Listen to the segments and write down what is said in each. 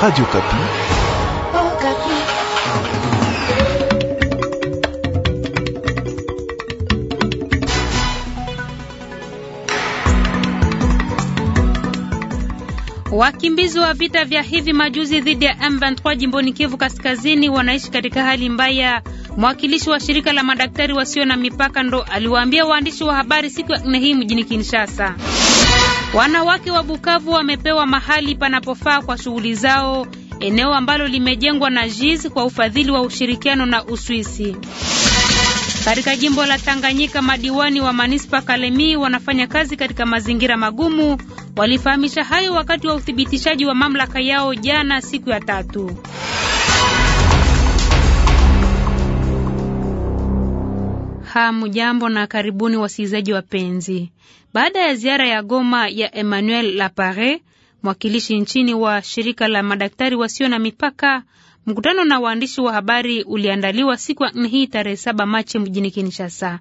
Radio Kapi. Oh, Kapi. Wakimbizi wa vita vya hivi majuzi dhidi ya M23 jimboni Kivu Kaskazini wanaishi katika hali mbaya. Mwakilishi wa shirika la madaktari wasio na mipaka ndo aliwaambia waandishi wa habari siku ya nne hii mjini Kinshasa. Wanawake wa Bukavu wamepewa mahali panapofaa kwa shughuli zao, eneo ambalo limejengwa na JIS kwa ufadhili wa ushirikiano na Uswisi. Katika jimbo la Tanganyika, madiwani wa manispa Kalemi wanafanya kazi katika mazingira magumu. Walifahamisha hayo wakati wa uthibitishaji wa mamlaka yao jana siku ya tatu. hamjambo na karibuni wasikilizaji wapenzi. Baada ya ziara ya Goma ya Emmanuel Lapare, mwakilishi nchini wa shirika la madaktari wasio na mipaka, mkutano na waandishi wa habari uliandaliwa siku ya nne hii tarehe saba Machi mjini Kinshasa.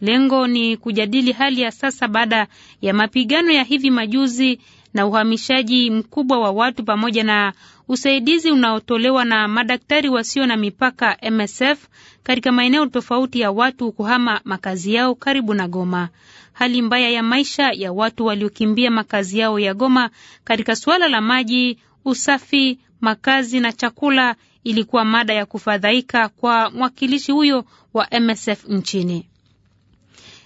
Lengo ni kujadili hali ya sasa baada ya mapigano ya hivi majuzi na uhamishaji mkubwa wa watu pamoja na usaidizi unaotolewa na madaktari wasio na mipaka MSF katika maeneo tofauti ya watu kuhama makazi yao karibu na Goma. Hali mbaya ya maisha ya watu waliokimbia makazi yao ya Goma katika suala la maji, usafi, makazi na chakula ilikuwa mada ya kufadhaika kwa mwakilishi huyo wa MSF nchini.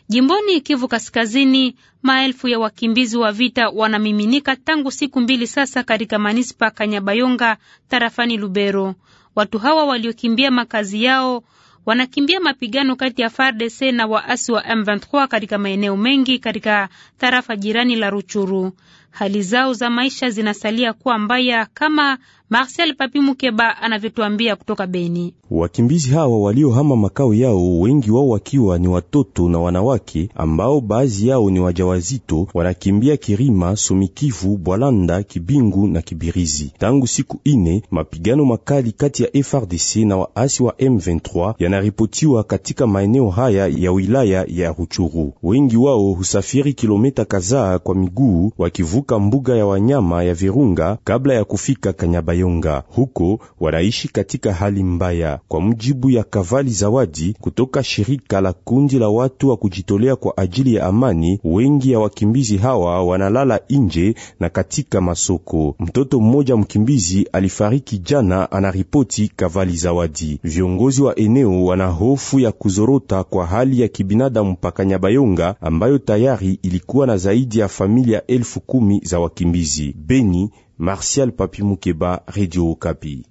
Jimboni Kivu Kaskazini, maelfu ya wakimbizi wa vita wanamiminika tangu siku mbili sasa katika manispa Kanyabayonga tarafani Lubero. Watu hawa waliokimbia makazi yao wanakimbia mapigano kati ya FARDC na waasi wa M23 katika maeneo mengi katika tarafa jirani la Ruchuru hali zao za maisha zinasalia kuwa mbaya, kama Marcel Papi Mukeba anavyotuambia kutoka Beni. Wakimbizi hawa waliohama makao yao, wengi wao wakiwa ni watoto na wanawake ambao baadhi yao ni wajawazito, wanakimbia Kirima, Somikivu, Bwalanda, Kibingu na Kibirizi. Tangu siku ine, mapigano makali kati ya FRDC na waasi wa M23 yanaripotiwa katika maeneo haya ya wilaya ya Ruchuru. Wengi wao husafiri kilomita kadhaa kwa miguu wakivuka kutoka mbuga ya wanyama ya Virunga kabla ya kufika Kanyabayonga. Huko wanaishi katika hali mbaya, kwa mujibu ya Kavali Zawadi kutoka shirika la kundi la watu wa kujitolea kwa ajili ya amani. Wengi ya wakimbizi hawa wanalala nje na katika masoko. Mtoto mmoja mkimbizi alifariki jana, anaripoti Kavali Zawadi. Viongozi wa eneo wana hofu ya kuzorota kwa hali ya kibinadamu pa Kanyabayonga ambayo tayari ilikuwa na zaidi ya familia elfu kumi kumi za wakimbizi. Beni, Martial Papi Mukeba, Radio Okapi.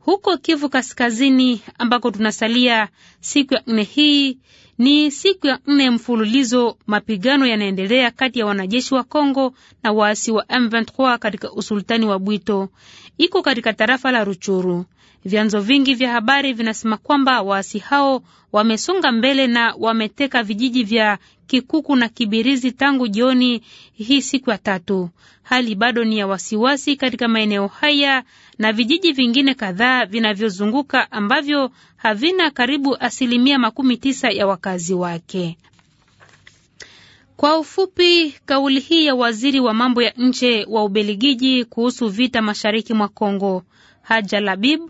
Huko Kivu Kaskazini ambako tunasalia siku ya nne, hii ni siku ya nne mfululizo, mapigano yanaendelea kati ya wanajeshi wa Kongo na waasi wa M23 katika usultani wa Bwito, iko katika tarafa la Ruchuru. Vyanzo vingi vya habari vinasema kwamba waasi hao wamesonga mbele na wameteka vijiji vya Kikuku na Kibirizi tangu jioni hii siku ya tatu. Hali bado ni ya wasiwasi katika maeneo haya na vijiji vingine kadhaa vinavyozunguka ambavyo havina karibu asilimia makumi tisa ya wakazi wake. Kwa ufupi, kauli hii ya waziri wa mambo ya nje wa Ubeligiji kuhusu vita mashariki mwa Kongo Haja Labib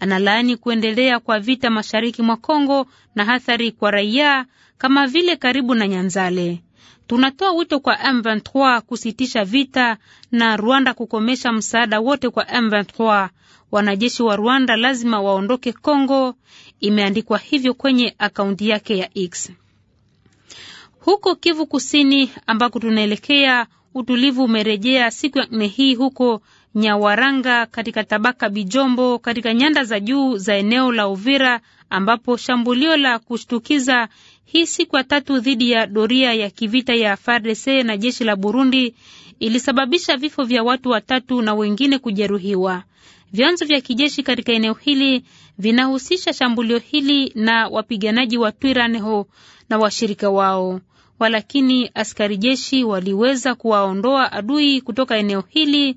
Analaani kuendelea kwa vita mashariki mwa Kongo na athari kwa raia kama vile karibu na Nyanzale. Tunatoa wito kwa M23 kusitisha vita na Rwanda kukomesha msaada wote kwa M23. Wanajeshi wa Rwanda lazima waondoke Kongo. Imeandikwa hivyo kwenye akaunti yake ya X. Huko Kivu Kusini ambako tunaelekea, utulivu umerejea siku ya nne hii huko Nyawaranga katika tabaka Bijombo katika nyanda za juu za eneo la Uvira ambapo shambulio la kushtukiza hii siku ya tatu dhidi ya doria ya kivita ya FARDC na jeshi la Burundi ilisababisha vifo vya watu watatu na wengine kujeruhiwa. Vyanzo vya kijeshi katika eneo hili vinahusisha shambulio hili na wapiganaji wa Twiraneho na washirika wao, walakini askari jeshi waliweza kuwaondoa adui kutoka eneo hili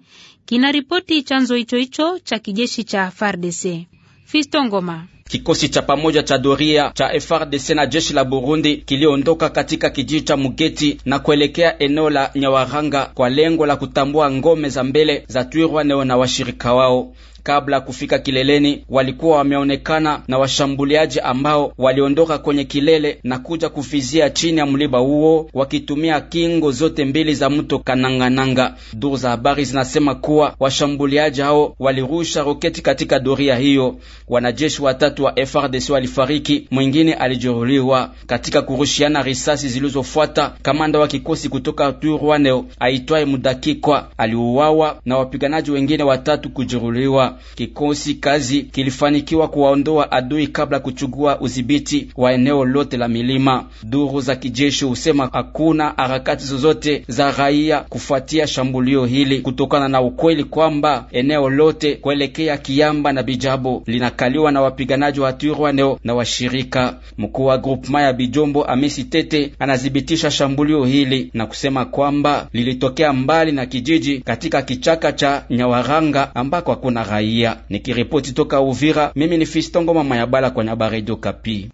kinaripoti chanzo hicho hicho cha kijeshi cha FARDC. Fisto Ngoma. Kikosi cha pamoja cha doria cha FRDC na jeshi la Burundi kiliondoka katika kijiji cha Mugeti na kuelekea eneo la Nyawaranga kwa lengo la kutambua ngome za mbele za Twirwaneho na washirika wao kabla ya kufika kileleni walikuwa wameonekana na washambuliaji ambao waliondoka kwenye kilele na kuja kufizia chini ya mliba huo wakitumia kingo zote mbili za mto Kanangananga. Duru za habari zinasema kuwa washambuliaji hao walirusha roketi katika doria hiyo. Wanajeshi watatu wa FRDC walifariki, mwingine alijeruhiwa katika kurushiana risasi zilizofuata. Kamanda wa kikosi kutoka Turwaneo aitwaye Mudakikwa aliuawa na wapiganaji wengine watatu kujeruhiwa. Kikosi kazi kilifanikiwa kuwaondoa adui kabla kuchukua udhibiti wa eneo lote la milima. Duru za kijeshi husema hakuna harakati zozote za raia kufuatia shambulio hili, kutokana na ukweli kwamba eneo lote kuelekea Kiamba na Bijabo linakaliwa na wapiganaji wa Turwaneo na washirika. Mkuu wa groupement ya Bijombo Amisi Tete anathibitisha shambulio hili na kusema kwamba lilitokea mbali na kijiji katika kichaka cha Nyawaranga ambako hakuna raia raia. Nikiripoti toka Uvira, mimi ni Fistongo mama ya bala kwa nyaba Radio Kapi.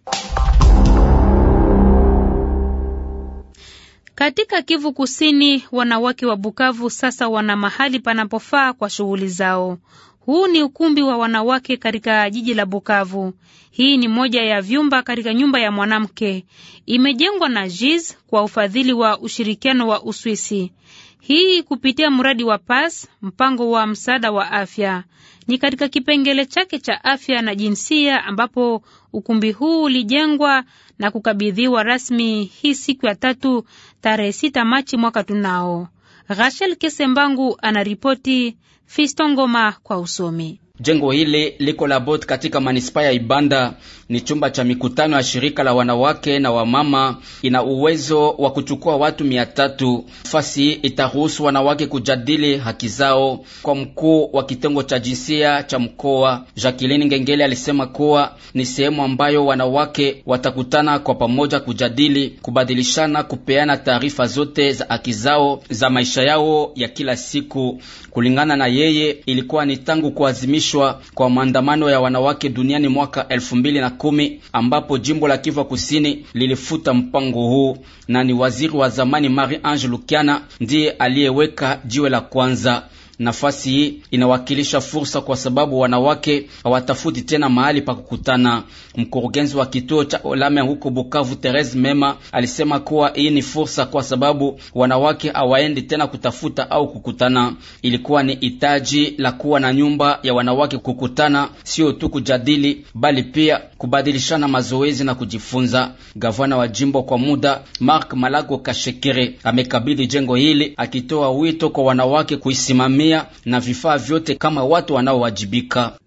Katika Kivu Kusini, wanawake wa Bukavu sasa wana mahali panapofaa kwa shughuli zao. Huu ni ukumbi wa wanawake katika jiji la Bukavu. Hii ni moja ya vyumba katika nyumba ya mwanamke, imejengwa na JIZ kwa ufadhili wa ushirikiano wa Uswisi, hii kupitia mradi wa PAS, mpango wa msaada wa afya ni katika kipengele chake cha afya na jinsia ambapo ukumbi huu ulijengwa na kukabidhiwa rasmi hii siku ya tatu tarehe sita Machi mwaka tunao. Rachel Kesembangu anaripoti fistongoma Ngoma kwa usomi. Jengo hili liko la bot katika manispaa ya Ibanda ni chumba cha mikutano ya shirika la wanawake na wamama, ina uwezo wa kuchukua watu mia tatu. Fasi itaruhusu wanawake kujadili haki zao. Kwa mkuu wa kitengo cha jinsia cha mkoa Jacqueline Ngengele alisema kuwa ni sehemu ambayo wanawake watakutana kwa pamoja kujadili, kubadilishana, kupeana taarifa zote za haki zao za maisha yao ya kila siku. Kulingana na yeye, ilikuwa ni tangu kuazimishwa kwa maandamano ya wanawake duniani mwaka elfu mbili na kumi ambapo jimbo la Kivu Kusini lilifuta mpango huu, na ni waziri wa zamani Marie Ange Lukiana ndiye aliyeweka jiwe la kwanza. Nafasi hii inawakilisha fursa, kwa sababu wanawake hawatafuti tena mahali pa kukutana. Mkurugenzi wa kituo cha Olame huko Bukavu, Therese Mema, alisema kuwa hii ni fursa, kwa sababu wanawake hawaendi tena kutafuta au kukutana. Ilikuwa ni hitaji la kuwa na nyumba ya wanawake kukutana, sio tu kujadili, bali pia kubadilishana mazoezi na kujifunza. Gavana wa jimbo kwa muda Mark Malago Kashekere amekabidhi jengo hili akitoa wito kwa wanawake kuisimamia kutumia na vifaa vyote kama watu wanaowajibika.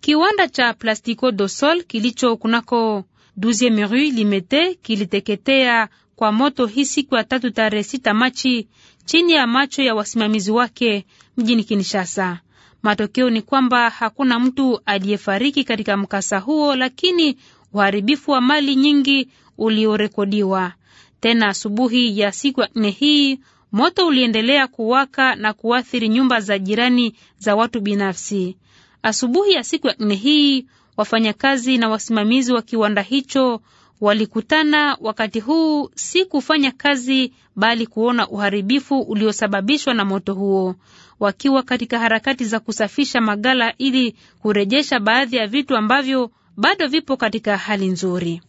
Kiwanda cha plastico do sol kilicho kunako Duzieme Rue Limete kiliteketea kwa moto hii siku ya tatu tarehe sita Machi chini ya macho ya wasimamizi wake mjini Kinshasa. Matokeo ni kwamba hakuna mtu aliyefariki katika mkasa huo, lakini uharibifu wa mali nyingi uliorekodiwa. Tena asubuhi ya siku ya nne hii Moto uliendelea kuwaka na kuathiri nyumba za jirani za watu binafsi. Asubuhi ya siku ya nne hii, wafanyakazi na wasimamizi wa kiwanda hicho walikutana wakati huu si kufanya kazi bali kuona uharibifu uliosababishwa na moto huo. Wakiwa katika harakati za kusafisha magala ili kurejesha baadhi ya vitu ambavyo bado vipo katika hali nzuri.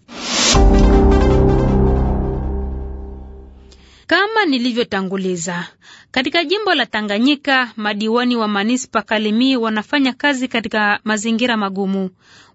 Kama nilivyotanguliza, katika jimbo la Tanganyika, madiwani wa manispa Kalemi wanafanya kazi katika mazingira magumu.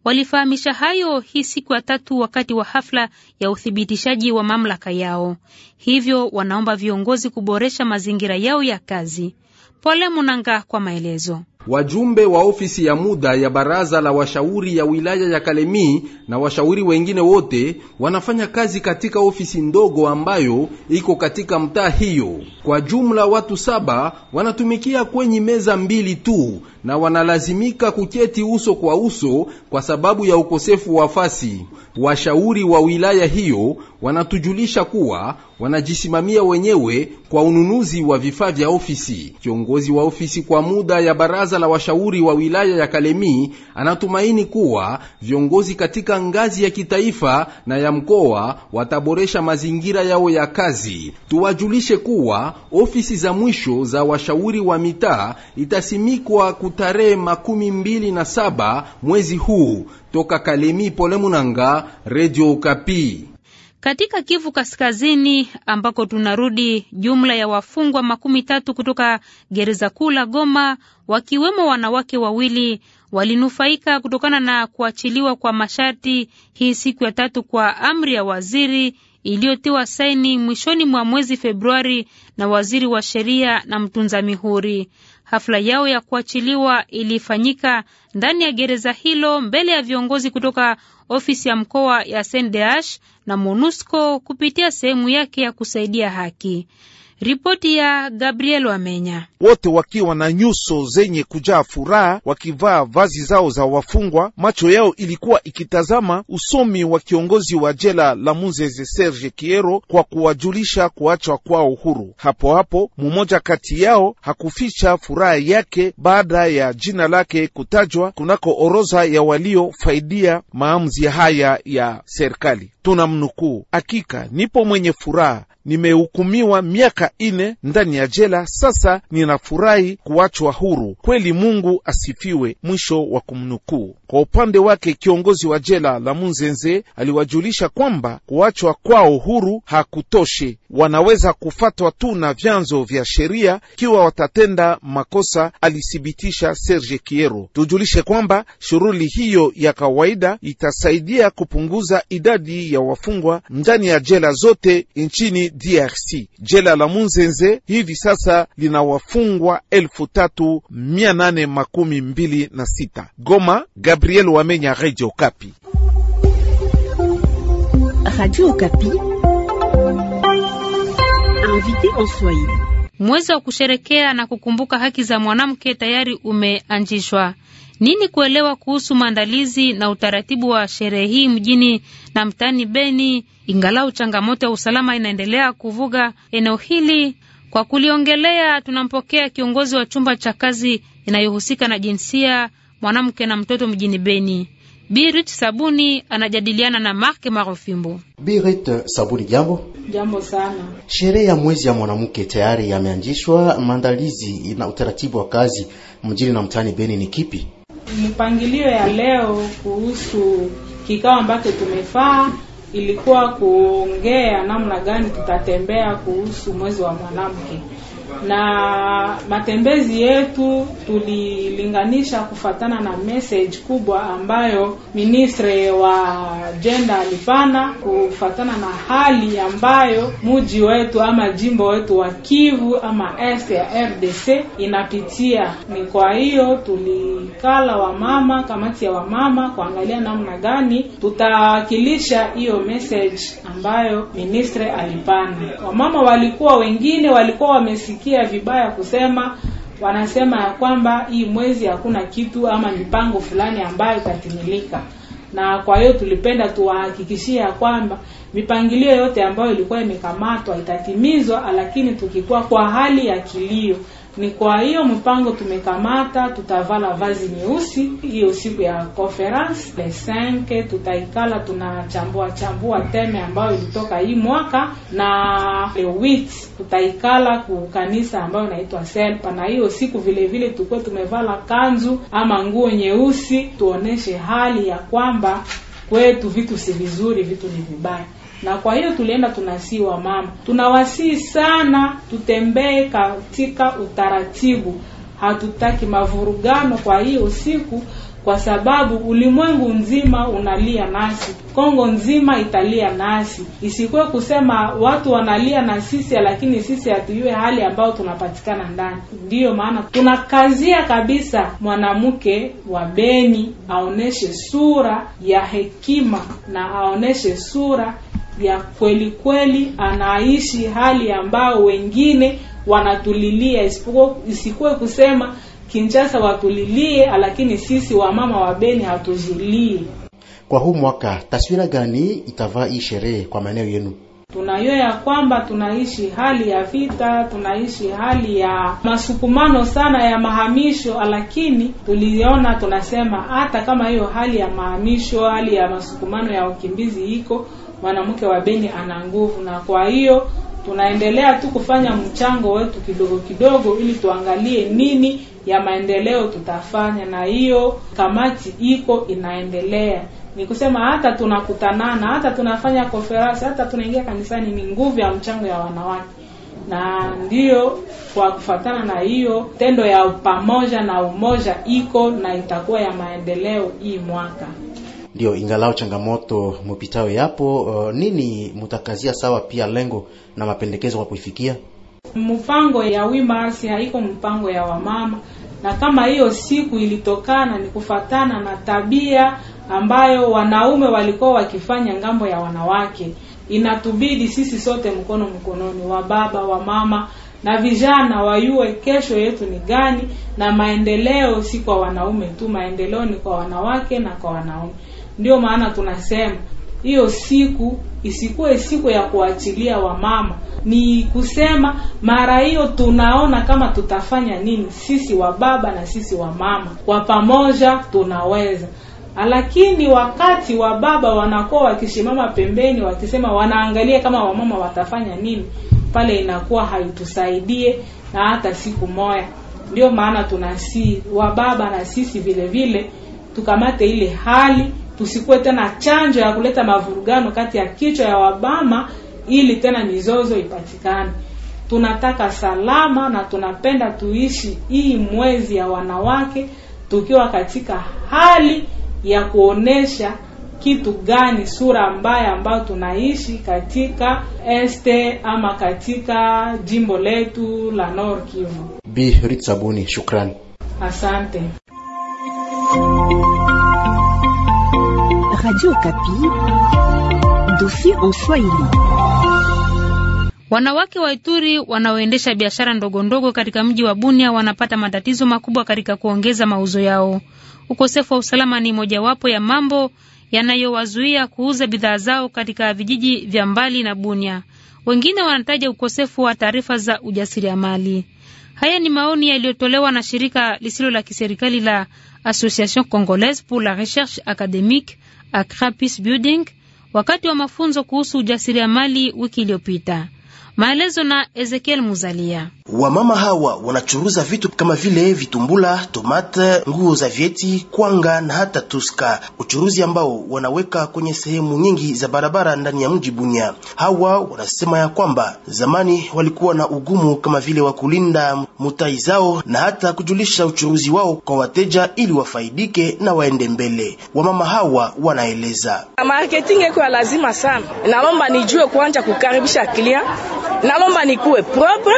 Walifahamisha hayo hii siku ya tatu wakati wa hafla ya uthibitishaji wa mamlaka yao, hivyo wanaomba viongozi kuboresha mazingira yao ya kazi. Pole Munanga kwa maelezo. Wajumbe wa ofisi ya muda ya baraza la washauri ya wilaya ya kalemi na washauri wengine wote wanafanya kazi katika ofisi ndogo ambayo iko katika mtaa hiyo. Kwa jumla watu saba wanatumikia kwenye meza mbili tu na wanalazimika kuketi uso kwa uso kwa sababu ya ukosefu wa fasi. Washauri wa wilaya hiyo wanatujulisha kuwa wanajisimamia wenyewe kwa ununuzi wa vifaa vya ofisi. Kiongozi wa ofisi kwa muda ya baraza la washauri wa wilaya ya Kalemi anatumaini kuwa viongozi katika ngazi ya kitaifa na ya mkoa wataboresha mazingira yao ya kazi. Tuwajulishe kuwa ofisi za mwisho za washauri wa mitaa itasimikwa kutarehe makumi mbili na saba mwezi huu. Toka Kalemi, Pole Munanga, Radio Kapi. Katika Kivu Kaskazini ambako tunarudi, jumla ya wafungwa makumi tatu kutoka gereza kuu la Goma, wakiwemo wanawake wawili, walinufaika kutokana na kuachiliwa kwa masharti hii siku ya tatu kwa amri ya waziri iliyotiwa saini mwishoni mwa mwezi Februari na waziri wa sheria na mtunza mihuri. Hafla yao ya kuachiliwa ilifanyika ndani ya gereza hilo mbele ya viongozi kutoka ofisi ya mkoa ya SNDH na MONUSCO kupitia sehemu yake ya kusaidia haki. Ripoti ya Gabriel Wamenya. Wote wakiwa na nyuso zenye kujaa furaha, wakivaa vazi zao za wafungwa, macho yao ilikuwa ikitazama usomi wa kiongozi wa jela la muzeze Serge Kiero kwa kuwajulisha kuachwa kwao huru. Hapo hapo mmoja kati yao hakuficha furaha yake baada ya jina lake kutajwa kunako orodha ya waliofaidia maamuzi haya ya serikali tunamnukuu, hakika nipo mwenye furaha, nimehukumiwa miaka ine ndani ya jela, sasa ninafurahi kuachwa huru, kweli Mungu asifiwe. Mwisho wa kumnukuu. Kwa upande wake kiongozi wa jela la Munzenze aliwajulisha kwamba kuachwa kwao huru hakutoshe, wanaweza kufatwa tu na vyanzo vya sheria ikiwa watatenda makosa, alithibitisha Serge Kiero. Tujulishe kwamba shughuli hiyo ya kawaida itasaidia kupunguza idadi ya wafungwa ndani ya jela zote nchini DRC. Jela la Munzenze hivi sasa lina wafungwa elfu tatu mia nane makumi mbili na sita. Goma, Gabriel Wamenya, Radio Kapi. Radio Kapi. Mwezi wa kusherekea na kukumbuka haki za mwanamke tayari umeanzishwa. Nini kuelewa kuhusu maandalizi na utaratibu wa sherehe hii mjini na mtaani Beni, ingalau changamoto ya usalama inaendelea kuvuga eneo hili? Kwa kuliongelea, tunampokea kiongozi wa chumba cha kazi inayohusika na jinsia, mwanamke na mtoto mjini Beni. Birit Sabuni anajadiliana na Mark Marofimbo. Birit Sabuni, jambo. Jambo sana. Sherehe ya mwezi ya mwanamke tayari yameanzishwa. Maandalizi na utaratibu wa kazi mjini na mtaani Beni ni kipi? mpangilio ya leo kuhusu kikao ambacho tumefaa ilikuwa kuongea namna gani tutatembea kuhusu mwezi wa mwanamke na matembezi yetu tulilinganisha kufatana na message kubwa ambayo ministre wa jenda alipana kufatana na hali ambayo muji wetu ama jimbo wetu wa Kivu ama est ya RDC inapitia. Ni kwa hiyo tulikala wamama, kamati ya wamama, kuangalia namna gani tutawakilisha hiyo message ambayo ministre alipana. Wamama walikuwa wengine walikuwa wamesikia wanajisikia vibaya kusema, wanasema ya kwamba hii mwezi hakuna kitu ama mipango fulani ambayo itatimilika na kwa hiyo tulipenda tuwahakikishie ya kwamba mipangilio yote ambayo ilikuwa imekamatwa itatimizwa, lakini tukikuwa kwa hali ya kilio, ni kwa hiyo mpango tumekamata, tutavala vazi nyeusi hiyo siku ya conference le 5, tutaikala tunachambua chambua teme ambayo ilitoka hii mwaka, na le 8 tutaikala kukanisa ambayo inaitwa Selpa, na hiyo siku vile vile tukuwe tumevala kanzu ama nguo nyeusi, tuoneshe hali ya kwamba kwetu vitu si vizuri, vitu ni vibaya na kwa hiyo tulienda tunasii wa mama, tunawasii sana tutembee katika utaratibu, hatutaki mavurugano. Kwa hiyo siku kwa sababu ulimwengu nzima unalia nasi, Kongo nzima italia nasi. Isikuwe kusema watu wanalia na sisi, lakini sisi hatujue hali ambayo tunapatikana ndani. Ndiyo maana tunakazia kabisa mwanamke wa Beni aoneshe sura ya hekima na aoneshe sura ya kweli kweli, anaishi hali ambayo wengine wanatulilia, isikuwe kusema kinchasa watulilie, lakini sisi wamama wa Beni hatuzilie. Kwa huu mwaka taswira gani itavaa hii sherehe kwa maeneo yenu? Tunayo ya kwamba tunaishi hali ya vita, tunaishi hali ya masukumano sana ya mahamisho, lakini tuliona tunasema, hata kama hiyo hali ya mahamisho, hali ya masukumano ya ukimbizi iko, mwanamke wa Beni ana nguvu, na kwa hiyo tunaendelea tu kufanya mchango wetu kidogo kidogo, ili tuangalie nini ya maendeleo tutafanya, na hiyo kamati iko inaendelea. Ni kusema hata tunakutanana, hata tunafanya konferensi, hata tunaingia kanisani, ni nguvu ya mchango ya wanawake, na ndiyo kwa kufatana na hiyo tendo ya pamoja na umoja iko na itakuwa ya maendeleo hii mwaka. Ndio, ingalao changamoto mupitao yapo. Uh, nini mutakazia sawa, pia lengo na mapendekezo kwa kuifikia mpango ya Wimars haiko mpango ya wamama, na kama hiyo siku ilitokana ni kufatana na tabia ambayo wanaume walikuwa wakifanya ngambo ya wanawake. Inatubidi sisi sote mkono mkononi, wa baba, wa mama na vijana wayue kesho yetu ni gani, na maendeleo si kwa wanaume tu, maendeleo ni kwa wanawake na kwa wanaume ndio maana tunasema hiyo siku isikuwe siku ya kuachilia wamama, ni kusema mara hiyo tunaona kama tutafanya nini sisi wa baba na sisi wa mama kwa pamoja, tunaweza lakini wakati wa baba wanakuwa wakishimama pembeni, wakisema wanaangalia kama wamama watafanya nini, pale inakuwa haitusaidie na hata siku moya. ndio maana tunasii wa baba na sisi vile vile tukamate ile hali tusikuwe tena chanjo ya kuleta mavurugano kati ya kichwa ya Wabama ili tena mizozo ipatikane. Tunataka salama na tunapenda tuishi hii mwezi ya wanawake tukiwa katika hali ya kuonesha kitu gani sura mbaya ambayo tunaishi katika este ama katika jimbo letu la nor Kivu. Bi Ritsabuni, shukrani, asante. Radio Kapi, dossier en Swahili. Wanawake wa Ituri wanaoendesha biashara ndogo ndogo katika mji wa Bunia wanapata matatizo makubwa katika kuongeza mauzo yao. Ukosefu wa usalama ni mojawapo ya mambo yanayowazuia kuuza bidhaa zao katika vijiji vya mbali na Bunia. Wengine wanataja ukosefu wa taarifa za ujasiriamali. Haya ni maoni yaliyotolewa na shirika lisilo la kiserikali la Association Congolaise pour la Recherche Académique Accra Peace Building wakati wa mafunzo kuhusu ujasiriamali wiki iliyopita. Maelezo na Ezekiel Muzalia. Wamama hawa wanachuruza vitu kama vile vitumbula, tomate, nguo za vyeti, kwanga na hata tuska, uchuruzi ambao wanaweka kwenye sehemu nyingi za barabara ndani ya mji Bunia. Hawa wanasema ya kwamba zamani walikuwa na ugumu kama vile wa kulinda mutai zao na hata kujulisha uchuruzi wao kwa wateja ili wafaidike na waende mbele. Wamama hawa wanaeleza marketing yako ya lazima sana, nalomba nijue kuanja kukaribisha client, nalomba nikuwe propre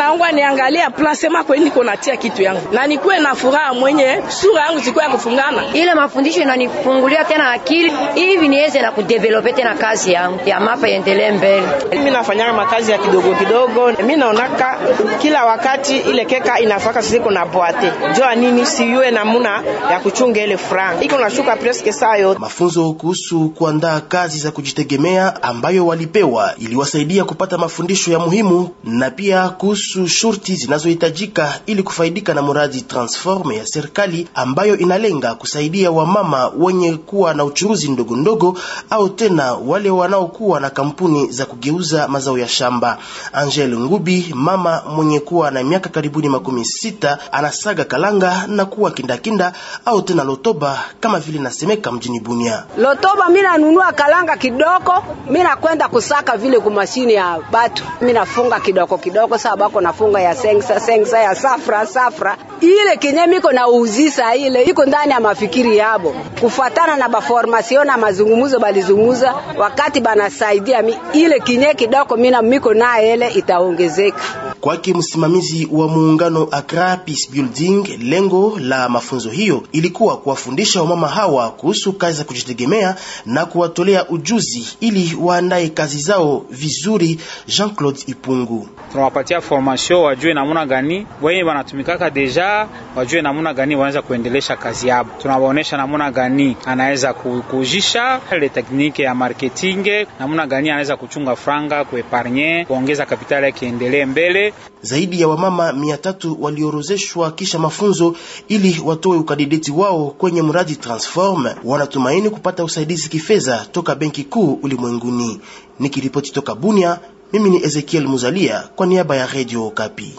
naongwa niangalia plasema kweni niko natia kitu yangu na nikuwe na furaha mwenye sura yangu sikuwa kufungana. Ile mafundisho inanifungulia tena akili hivi niweze na kudevelope tena kazi yangu ya mapa iendelee mbele. Mimi nafanyaga makazi ya kidogo kidogo, mimi naonaka kila wakati ile keka inafaka siko na boate joa nini siwe namuna ya kuchunga ile franc iko nashuka presque saa yote. Mafunzo kuhusu kuandaa kazi za kujitegemea ambayo walipewa iliwasaidia kupata mafundisho ya muhimu na pia kuhusu kuhusu shurti zinazohitajika ili kufaidika na mradi Transform ya serikali ambayo inalenga kusaidia wamama wenye kuwa na uchuruzi ndogo ndogo au tena wale wanaokuwa na kampuni za kugeuza mazao ya shamba. Angel Ngubi, mama mwenye kuwa na miaka karibuni makumi sita, anasaga kalanga na kuwa kindakinda au tena lotoba kama vile nasemeka mjini Bunia. Lotoba mina nunua kalanga kidogo, mina kwenda kusaka vile kumashini ya batu, mina funga kidogo kidogo, sababu niko nafunga ya sensa sensa ya safra safra, ile kinye miko na uzisa ile iko ndani ya mafikiri yabo, kufatana na baformasio na mazungumuzo balizungumuza wakati banasaidia mi, ile kinye kidoko mina miko naye ile itaongezeka. Kwake msimamizi wa muungano Accra Peace Building, lengo la mafunzo hiyo ilikuwa kuwafundisha wamama hawa kuhusu kazi za kujitegemea na kuwatolea ujuzi ili waandae kazi zao vizuri. Jean Claude Ipungu: tunawapatia formation wajue namna gani wenye wanatumikaka deja, wajue namna gani wanaweza kuendelesha kazi yao. Tunawaonesha namna gani anaweza kujisha ile tekniki ya marketing, namna gani anaweza kuchunga franga, kuepargne, kuongeza kapitali yake endelee mbele zaidi ya wamama mia tatu waliorozeshwa kisha mafunzo ili watoe ukadideti wao kwenye mradi Transform, wanatumaini kupata usaidizi kifedha toka Benki Kuu ulimwenguni. Nikiripoti toka Bunia, mimi ni Ezekiel Muzalia kwa niaba ya Radio Kapi.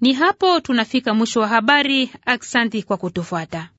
Ni hapo tunafika mwisho wa habari. Aksanti kwa kutufuata.